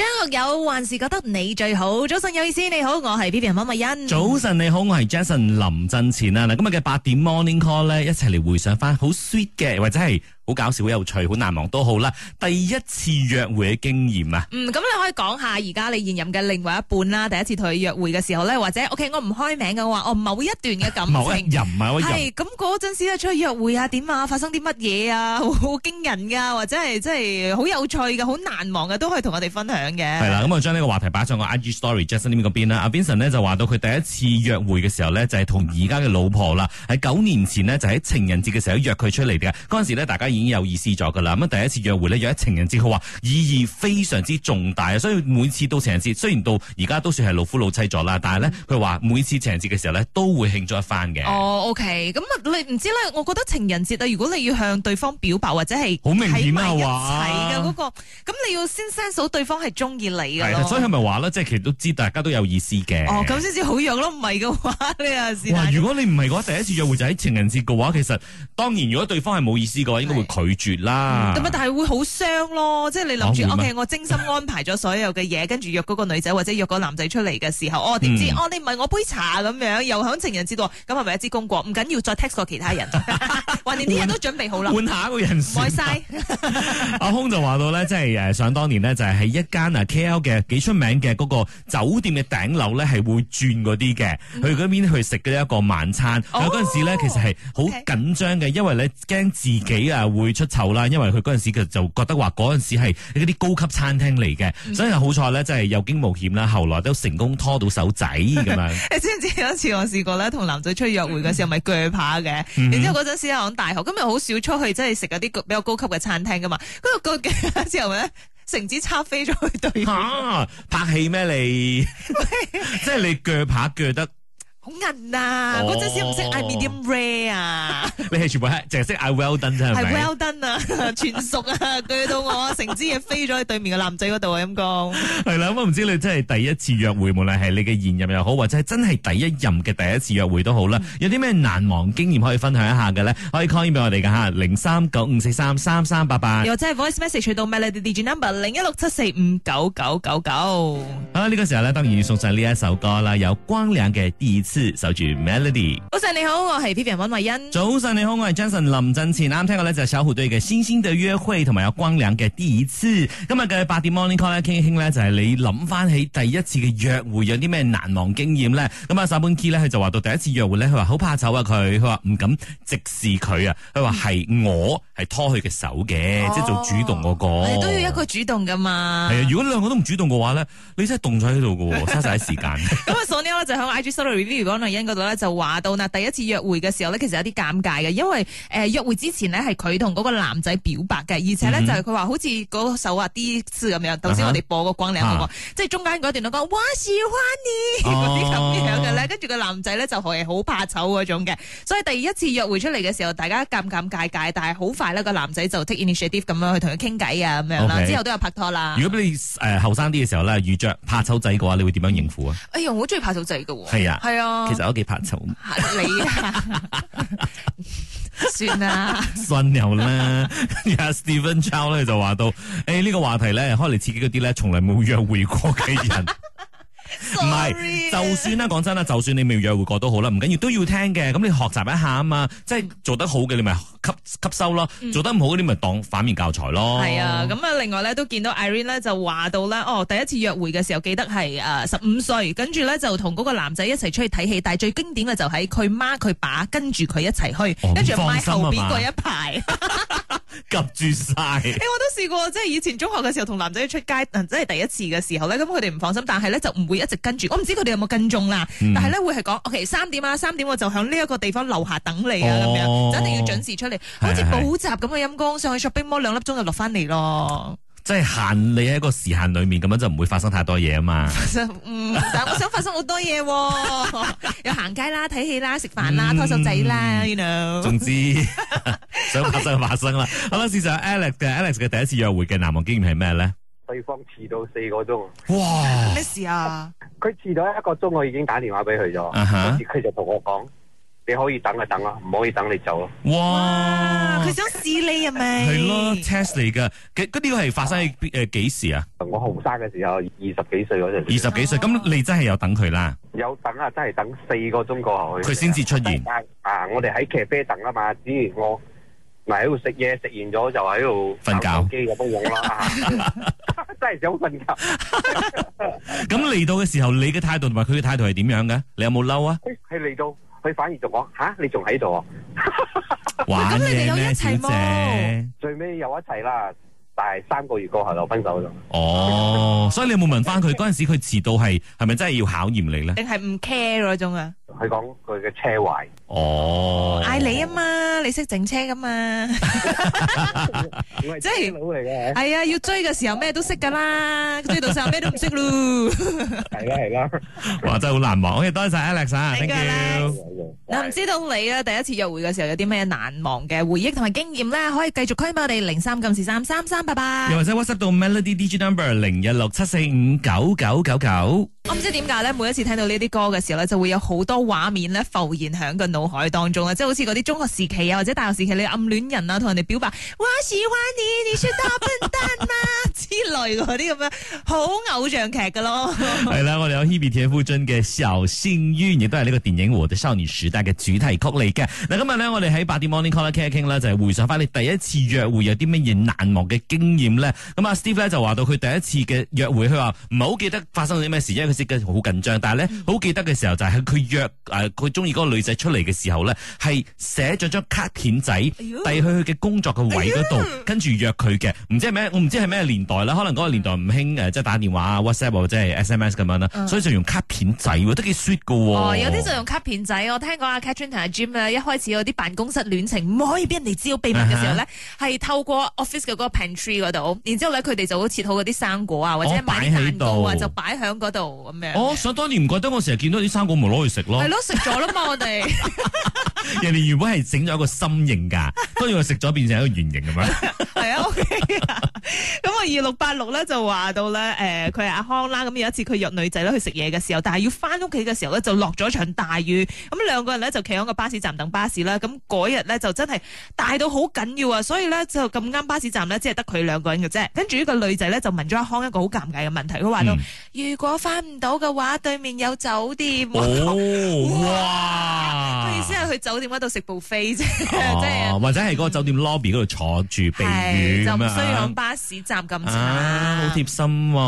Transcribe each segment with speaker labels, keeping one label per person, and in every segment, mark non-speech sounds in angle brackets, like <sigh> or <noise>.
Speaker 1: 張學友還是覺得你最好。早晨有意思，你好，我係 Vivian 馬文欣。早
Speaker 2: 晨你好，我係 Jason 林振前啊！嗱，今日嘅八點 Morning Call 咧，一齊嚟回想翻好 sweet 嘅或者係。好搞笑、好有趣、好難忘都好啦！第一次約會嘅經驗啊，嗯，
Speaker 1: 咁你可以講下而家你現任嘅另外一半啦，第一次同佢約會嘅時候咧，或者 OK，我唔開名嘅，我話哦某一段嘅感覺，人啊，係咁嗰陣時咧出去約會啊，點啊？發生啲乜嘢啊？好驚人㗎，或者係真係好有趣嘅、好難忘嘅，都可以同我哋分享嘅。係啦，
Speaker 2: 咁我將呢個話題擺上個 IG story Justin 呢邊啦，阿 Vincent 咧就話到佢第一次約會嘅時候呢，就係同而家嘅老婆啦，喺九年前呢，就喺情人節嘅時候約佢出嚟嘅，嗰陣時咧大家已經有意思咗噶啦，咁第一次約會咧約喺情人節，佢話意義非常之重大啊，所以每次到情人節，雖然到而家都算係老夫老妻咗啦，但係咧佢話每次情人節嘅時候咧都會慶祝一番嘅。哦
Speaker 1: ，OK，咁、嗯、你唔知咧，我覺得情人節如果你要向對方表白或者係好、那個、明顯啊，話係噶嗰個，咁你要先 send 對方係中意你噶，所以係
Speaker 2: 咪話咧，即係其實都知大家都有意思嘅。哦，咁先至好
Speaker 1: 約咯，唔係嘅話你又哇，如
Speaker 2: 果你唔係嘅話，第一次約會就喺情人節嘅話，其實當然如果對方係冇意思嘅話，應該會。拒絕啦，咁啊、嗯、
Speaker 1: 但係會好傷咯，即係你諗住，OK，我精心安排咗所有嘅嘢，跟住 <laughs> 約嗰個女仔或者約個男仔出嚟嘅時候，我、哦、點知、嗯、哦，你唔係我杯茶咁樣，又響情人節度，咁係咪一支公過？唔緊要，再 text 過其他人。 <laughs> <laughs> 話連啲人都準備好啦，換下
Speaker 2: 一個人。唔該晒。阿空就話到咧，即係誒，想當年呢，就係喺一間啊 KL 嘅幾出名嘅嗰個酒店嘅頂樓咧，係會轉嗰啲嘅。去嗰邊去食嘅一個晚餐。哦。嗰陣時咧，其實係好緊張嘅，因為咧驚自己啊會出醜啦。因為佢嗰陣時其實就覺得話嗰陣時係一啲高級餐廳嚟嘅，所以好彩咧，即係有驚無險啦。後來都成功拖到手仔咁樣。你
Speaker 1: 知唔知有一次我試過咧，同男仔出約會嘅時候，咪鋸扒嘅。然之後嗰陣時我。大學今日好少出去，即係食嗰啲比較高級嘅餐廳噶嘛，嗰個之後咧成支叉飛咗去
Speaker 2: 對面，吓、啊、拍戲咩你？ <laughs> <laughs> 即係你鋸扒鋸得。
Speaker 1: 好韌啊！我真係唔識嗌 medium rare 啊！
Speaker 2: 你係全部係淨係識嗌 well done 啫，係咪？係 well
Speaker 1: done 啊，全熟啊，醉到我成支嘢飛咗去對面嘅男仔嗰度啊！陰功
Speaker 2: 係啦，咁我唔知你真係第一次約會，無論係你嘅現任又好，或者係真係第一任嘅第一次約會都好啦，有啲咩難忘經驗可以分享一下嘅咧？可以 call 俾我哋噶吓零三九五四三三三八八，或
Speaker 1: 者係 voice message 去到 melody D G number 零一六七四五九九
Speaker 2: 九九。好啦，呢個時候咧，當然要送上呢一首歌啦，有光亮嘅 D。守住 melody，
Speaker 1: 早晨你好，我係 Peter 溫慧欣。
Speaker 2: 早晨你好，我係 Johnson 林振前。啱啱聽過咧就係小虎隊嘅《星星的約會》同埋有光良嘅《第二次》今。今日嘅八點 morning call 咧傾一傾咧就係你諗翻起第一次嘅約會有啲咩難忘經驗咧？咁啊，Samun Ki 咧佢就話到第一次約會咧，佢話好怕醜啊佢，佢話唔敢直視佢啊，佢話係我。係拖佢嘅手嘅，哦、即係做主動嗰、那個。你都要一
Speaker 1: 個主動噶嘛？係啊，如
Speaker 2: 果兩個都唔主動嘅話咧，你真係凍在喺度噶，嘥晒啲時間。咁
Speaker 1: 啊 Sonya 就喺 I G Story review 關麗欣嗰度咧就話到嗱，第一次約會嘅時候咧，其實有啲尷尬嘅，因為誒、呃、約會之前呢，係佢同嗰個男仔表白嘅，而且咧、嗯、就係佢話好似嗰首歌啊 D 字咁樣。頭先我哋播個關麗欣嗰即係中間嗰段都講，我喜歡你嗰啲咁樣嘅咧。跟住個男仔咧就係好怕醜嗰種嘅，所以第一次約會出嚟嘅時候，大家尷尷尬尬，但係好快。咧個男仔就 take initiative 咁樣去同佢傾偈啊咁樣啦，Okay. 之後都有拍拖啦。如
Speaker 2: 果畀你誒後生啲嘅時候咧遇着怕醜仔嘅話，你會點樣應付啊？
Speaker 1: 哎呀，我好中意怕醜仔嘅喎。係啊，係啊。其實
Speaker 2: 我都幾怕醜。你算啦，信由啦。而阿 s, <laughs> Steven Chow 咧就話到：，誒、欸，呢、這個話題咧開嚟刺激嗰啲咧，從來冇約會過嘅人。 <laughs> 唔係 Sorry，就算啦，講真啦，就算你未約會過都好啦，唔緊要，都要聽嘅。咁你學習一下啊嘛，即係做得好嘅，你咪吸吸收咯；嗯、做得唔好嗰啲，咪當反面教材咯。係啊，
Speaker 1: 咁啊，另外咧都見到 Irene 咧就話到啦，哦，第一次約會嘅時候記得係誒十五歲，跟住咧就同嗰個男仔一齊出去睇戲，但係最經典嘅就喺佢媽佢爸跟住佢一齊去，跟住買後邊嗰一
Speaker 2: 排。 <laughs> 及住晒，誒、 <laughs> 欸，我
Speaker 1: 都試過，即係以前中學嘅時候同男仔出街，即、嗯、係第一次嘅時候咧，咁佢哋唔放心，但係咧就唔會一直跟住，我唔知佢哋有冇跟蹤啦，但係咧會係講，OK，三點啊，三點、嗯 okay, 啊、我就響呢一個地方樓下等你啊，咁樣、哦，一定要準時出嚟，哦、好似補習咁嘅陰功，是是是上去 shopping 摸兩粒鐘就落翻嚟咯。
Speaker 2: 即係限你喺一個時限裏面咁樣就唔會發生太多嘢啊嘛， <laughs> 嗯，
Speaker 1: 但我想發生好多嘢，啊，又 <laughs> 行街啦，睇戲啦，食飯啦，嗯、拖手仔啦，you know。總
Speaker 2: 之 <laughs> 想發生就發生啦。Okay. 好啦，事實上 Alex 嘅 Alex 嘅第一次約會嘅難忘經驗係咩咧？對方遲到四個鐘，哇，咩事啊？佢遲咗一個鐘，我已經打電話俾佢咗，uh huh. 跟住佢就同我講。你可以等啊，等啊，唔可以等你走咯。哇！佢
Speaker 1: 想試你係咪？係咯
Speaker 2: ，test 嚟噶。佢嗰啲係發生誒幾時啊？我後生嘅時候，二十幾歲嗰陣。二十幾歲，咁你真係有等佢啦。有等啊，真係等四個鐘過去。佢先至出現。啊！我哋喺咖啡等啊嘛，之前我咪喺度食嘢，食完咗就喺度瞓覺。機嘅煲網啦，真係想瞓覺。咁嚟到嘅時候，你嘅態度同埋佢嘅態度係點樣嘅？你有冇嬲啊？係嚟到。佢反而仲講吓，你仲喺度，啊？你 <laughs> 玩咩先啫？小姐，最尾有一齊啦，但係三個月過後就分手咗。哦， <laughs> 所以你有冇問翻佢嗰陣時佢遲到係係咪真係要考驗你咧？
Speaker 1: 定係唔 care 嗰種啊？
Speaker 2: 佢講佢嘅車
Speaker 1: 壞哦，嗌你啊嘛，你識整車噶嘛，唔係即係，係啊，要追嘅時候咩都識噶啦，追到時候咩都唔識咯，係啦係
Speaker 2: 啦，哇真係好難忘，多謝 Alex 啊，thank you。嗱，唔知
Speaker 1: 道你啊，第一次約會嘅時候有啲咩難忘嘅回憶同埋經驗咧？可以繼續傾俾我哋零三金士三三三八八，又
Speaker 2: 或者 WhatsApp 到 Melody DJ number 零一六七四五九九九九。
Speaker 1: 唔知點解咧，每一次聽到呢啲歌嘅時候咧，就會有好多畫面咧浮現喺個腦海當中啦，即係好似嗰啲中學時期啊，或者大學時期你暗戀人啊，同人哋表白，我喜歡你，你是大笨蛋啊之類嗰啲咁樣好偶像劇嘅咯。
Speaker 2: 係、 <laughs> 嗯、啦，我哋有 Hebe 田馥甄嘅《小幸運》，亦都係呢個電影《我哋少年時代》嘅主題曲嚟嘅。嗱，今日呢，我哋喺八點 Morning Call 咧傾一傾啦，就係、是、回想翻你第一次約會有啲乜嘢難忘嘅經驗咧。咁阿 Steve 咧就話到佢第一次嘅約會，佢話唔係好記得發生咗啲咩事，好緊張，但係咧、嗯、好記得嘅時候就係佢約誒佢中意嗰個女仔出嚟嘅時候咧，係寫咗張卡片仔遞、哎、喲去佢嘅工作嘅位嗰度，哎、喲跟住約佢嘅。唔知係咩？我唔知係咩年代啦，可能嗰個年代唔興誒，即係打電話啊、WhatsApp 或者係 SMS 咁樣啦，所以就用卡片仔喎，都幾 sweet 嘅喎。有啲就用
Speaker 1: 卡片仔。我聽講啊，Katrina 同阿 Jim 啊，一開始有啲辦公室戀情唔可以俾人哋知，有秘密嘅時候咧，係、啊、哈透過 office 嘅嗰個 pantry 嗰度，然之後咧佢哋就好切好嗰啲生果啊，或者買蛋糕啊，就擺喺度。我
Speaker 2: 想當年唔怪得，我成日見到啲生果冇攞去食咯。係咯，食咗啦嘛，我哋 <laughs> 人哋原本係整咗一個心形㗎，當然係食咗變成一個圓形噉樣。係啊。OK。
Speaker 1: 二六八六咧就話到咧，誒、欸，佢係阿康啦。咁有一次佢約女仔咧去食嘢嘅時候，但係要翻屋企嘅時候咧就落咗場大雨。咁兩個人咧就企喺個巴士站等巴士啦。咁嗰日咧就真係大到好緊要啊，所以咧就咁啱巴士站咧，即係得佢兩個人嘅啫。跟住呢個女仔咧就問咗阿康一個好尷尬嘅問題，佢話到、嗯、如果翻唔到嘅話，對面有酒店。哦、 <laughs> 哇！
Speaker 2: 佢哇意思
Speaker 1: 係去酒店嗰度食 buffet 啫，哦、 <laughs>
Speaker 2: 的或者係嗰個酒店 lobby 嗰度坐住避雨咁樣。就唔需要喺
Speaker 1: 巴士站。啊，
Speaker 2: 好貼心喎！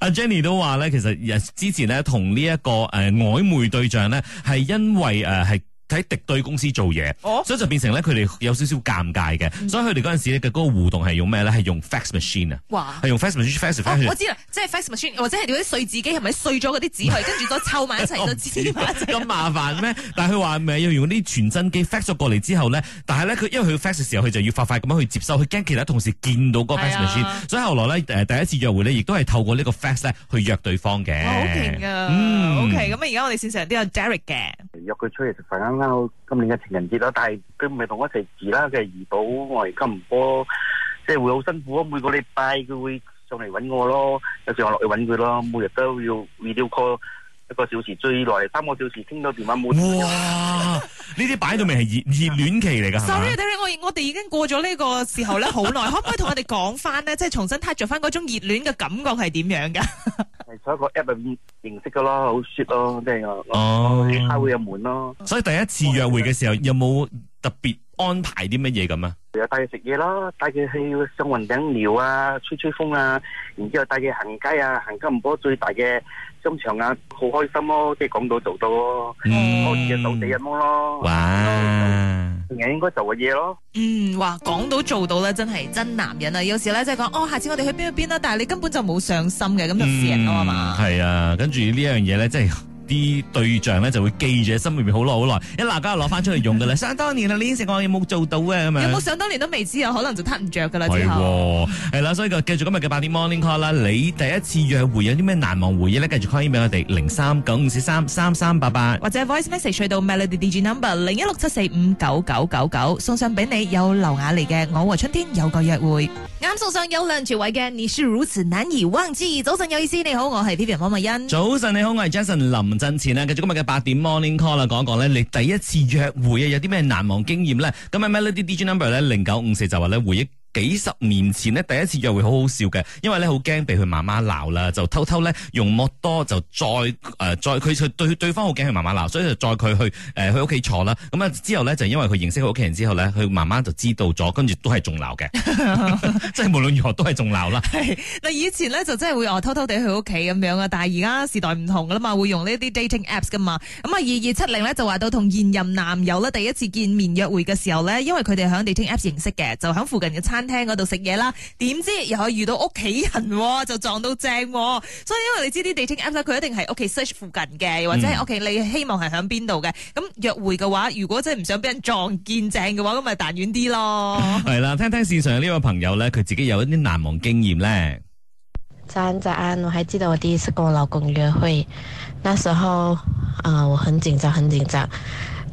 Speaker 2: 阿 <laughs> <laughs> Jenny 都話咧，其實日之前咧同呢一個誒曖昧對象咧，係因為誒係。喺敵對公司做嘢，所以就變成咧佢哋有少少尷尬嘅，所以佢哋嗰陣時嘅嗰個互動係用咩咧？係用 fax machine 啊，係用 fax machine。我知啦，即係 fax machine，或
Speaker 1: 者係嗰啲碎紙機，係咪碎咗嗰啲紙去，跟住再湊埋一齊嗰紙？
Speaker 2: 咁麻煩咩？但係佢話咪要用嗰啲傳真機 fax 咗過嚟之後咧，但係咧佢因為佢 fax 嘅時候，佢就要快快咁樣去接收，佢驚其他同事見到嗰 fax machine，所以後來咧第一次約會咧，亦都係透過呢個 fax 咧去約對方嘅。好勁啊！OK
Speaker 1: 咁而家我哋線上都有啲阿 Derek
Speaker 2: 嘅。約佢出嚟食飯啱啱，今年嘅情人節啦，但係佢唔係同我一齊住啦，佢係怡寶外唔波，即係會好辛苦啊！每個禮拜佢會上嚟揾我咯，有時我落去揾佢咯，每日都要 video call 一個小時，最耐三個小時，傾到電話冇。哇！呢啲 <laughs> 擺到明係熱 <laughs> 熱戀期嚟㗎
Speaker 1: ？Sorry，我哋已經過咗呢個時候咧，好耐，可唔可以同我哋講翻咧？即係重新體着翻嗰種熱戀嘅感覺係
Speaker 2: 點樣㗎？ <laughs> 做一個 app 入面認識噶咯，好 sweet 咯，即係哦，開會有門咯。啊、所以第一次約會嘅時候、啊、有冇特別安排啲乜嘢咁啊？又帶佢食嘢咯，帶佢去上雲頂聊啊，吹吹風啊，然之後帶佢行街啊，行金唔坡最大嘅商場、嗯、啊，好開心咯，即係講到做到咯，可以嘅到地一摸咯。哇嗯人應該做嘅嘢咯，嗯，話
Speaker 1: 講到做到咧，真係真男人啊！有時咧即係講，哦，下次我哋去邊去邊啦，但係你根本就冇上心嘅，咁就騙人
Speaker 2: 咯，係嘛、嗯？係啊吧，跟住呢一樣嘢咧，即係。啲對象咧就會記住喺心裏邊好耐好耐，一嗱家攞翻出嚟用嘅咧，想當年啊，你以前我有冇做到啊？咁啊，有冇想
Speaker 1: 當年都未知啊？可能就得唔着嘅啦。係
Speaker 2: 係啦，所以繼續今日嘅八點 Morning Call 啦。你第一次約會有啲咩難忘回憶呢？繼續 call 翻俾我哋零三九五四三三三八八，或者 Voice Message 到 Melody Digit Number 零一六七四五九九九九送上俾你。有劉雅
Speaker 1: 麗嘅《我和春天有個約會》，啱送上有梁朝偉嘅《你是如此難以忘記》。早晨有意思，你好，我係 Vivian 方慧欣。
Speaker 2: 早晨你好，我係 Jason 林。真錢咧，繼續今日嘅八點 Morning Call 啦，講一講咧，你第一次約會啊，有啲咩難忘經驗咧？咁啊，Melody D J Number 咧，零九五四就話咧，回憶。幾十年前咧，第一次約會好好笑嘅，因為咧好驚畀佢媽媽鬧啦，就偷偷咧用摩托就載誒、呃、載佢就對對方好驚佢媽媽鬧，所以就載佢去誒去屋企坐啦。咁啊之後呢，就因為佢認識佢屋企人之後呢，佢媽媽就知道咗，跟住都係仲鬧嘅， <laughs> <laughs> 即係無論如何都係仲鬧啦。
Speaker 1: 嗱 <laughs> 以前呢，就真係會哦偷偷地去屋企咁樣啊，但係而家時代唔同噶啦嘛，會用呢啲 dating apps 噶嘛。咁啊二二七零呢，就話到同現任男友咧第一次見面約會嘅時候呢，因為佢哋喺 dating apps 認識嘅，就喺附近嘅餐廳嗰度食嘢啦，點知又可以遇到屋企人，就撞到正，所以因為你知啲 dating apps 佢一定係屋企 search 附近嘅，或者係屋企你希望係響邊度嘅，咁、嗯、約會嘅話，如果真係唔想俾人撞見正嘅話，咁咪彈遠啲咯。
Speaker 2: 係 <laughs> 啦，聽聽市場呢位朋友咧，佢自己有一啲難忘經驗咧。
Speaker 1: 早安早安，我還知道我第一次跟我老公約會，那時候啊、呃，我很緊張，很緊張。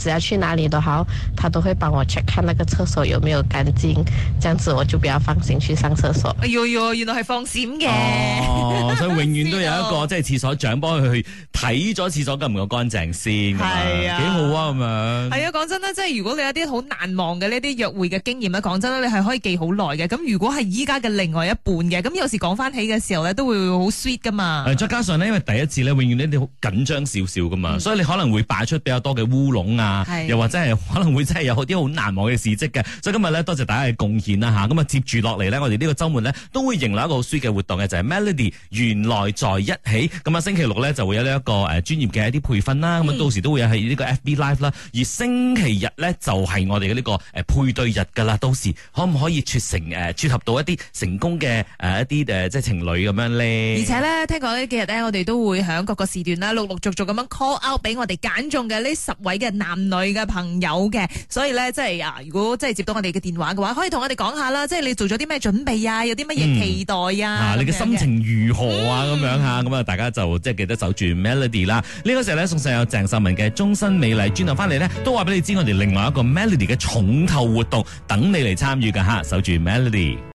Speaker 1: 只要去哪裏都好，他都會幫我 check 看那個廁所有沒有乾淨，這樣子我就比較放心去上廁所。哎喲喲，原來係放閃嘅，
Speaker 2: 我想、哦、 <laughs> 永遠都有一個 <laughs> 即係廁所長幫佢去睇咗廁所夠唔夠乾淨先，係啊，幾好啊咁樣。係
Speaker 1: 啊，講吧、啊、真啦，即係如果你有啲好難忘嘅呢啲約會嘅經驗咧，講真啦，你係可以記好耐嘅。咁如果係依家嘅另外一半嘅，咁有時講翻起嘅時候咧，都會好 sweet 噶嘛。
Speaker 2: 再、啊、加上咧，因為第一次咧，永遠呢啲好緊張少少噶嘛，嗯、所以你可能會擺出比較多嘅烏龍啊。是又或者係可能會真係有啲好難忘嘅事蹟嘅，所以今日呢，多謝大家嘅貢獻啦嚇，咁啊接住落嚟呢，我哋呢個週末呢，都會迎嚟一個好舒嘅活動嘅，就係、是、Melody 原來在一起。咁啊星期六呢，就會有呢一個誒專業嘅一啲培訓啦，咁啊到時都會有喺呢個 FB Live 啦。而星期日呢，就係、是、我哋嘅呢個誒配對日噶啦，到時可唔可以撮成誒、啊、撮合到一啲成功嘅誒、啊、一啲即係情侶咁樣呢？而且
Speaker 1: 呢，聽講呢幾日呢，我哋都會喺各個時段呢，陸陸續續咁樣 call out 俾我哋揀中嘅呢十位嘅男女嘅朋友嘅，所以咧，即係啊，如果即係接到我哋嘅電話嘅話，可以同我哋講下啦，即係你做咗啲咩準備啊，有啲乜嘢期
Speaker 2: 待啊，你嘅心情如何啊，咁、嗯、樣吓，咁啊，大家就即係記得守住 Melody 啦。呢、呢個時候咧，送上有鄭秀文嘅《終身美麗》專登翻嚟咧，都話俾你知，我哋另外一個 Melody 嘅重頭活動，等你嚟參與㗎吓，守住 Melody。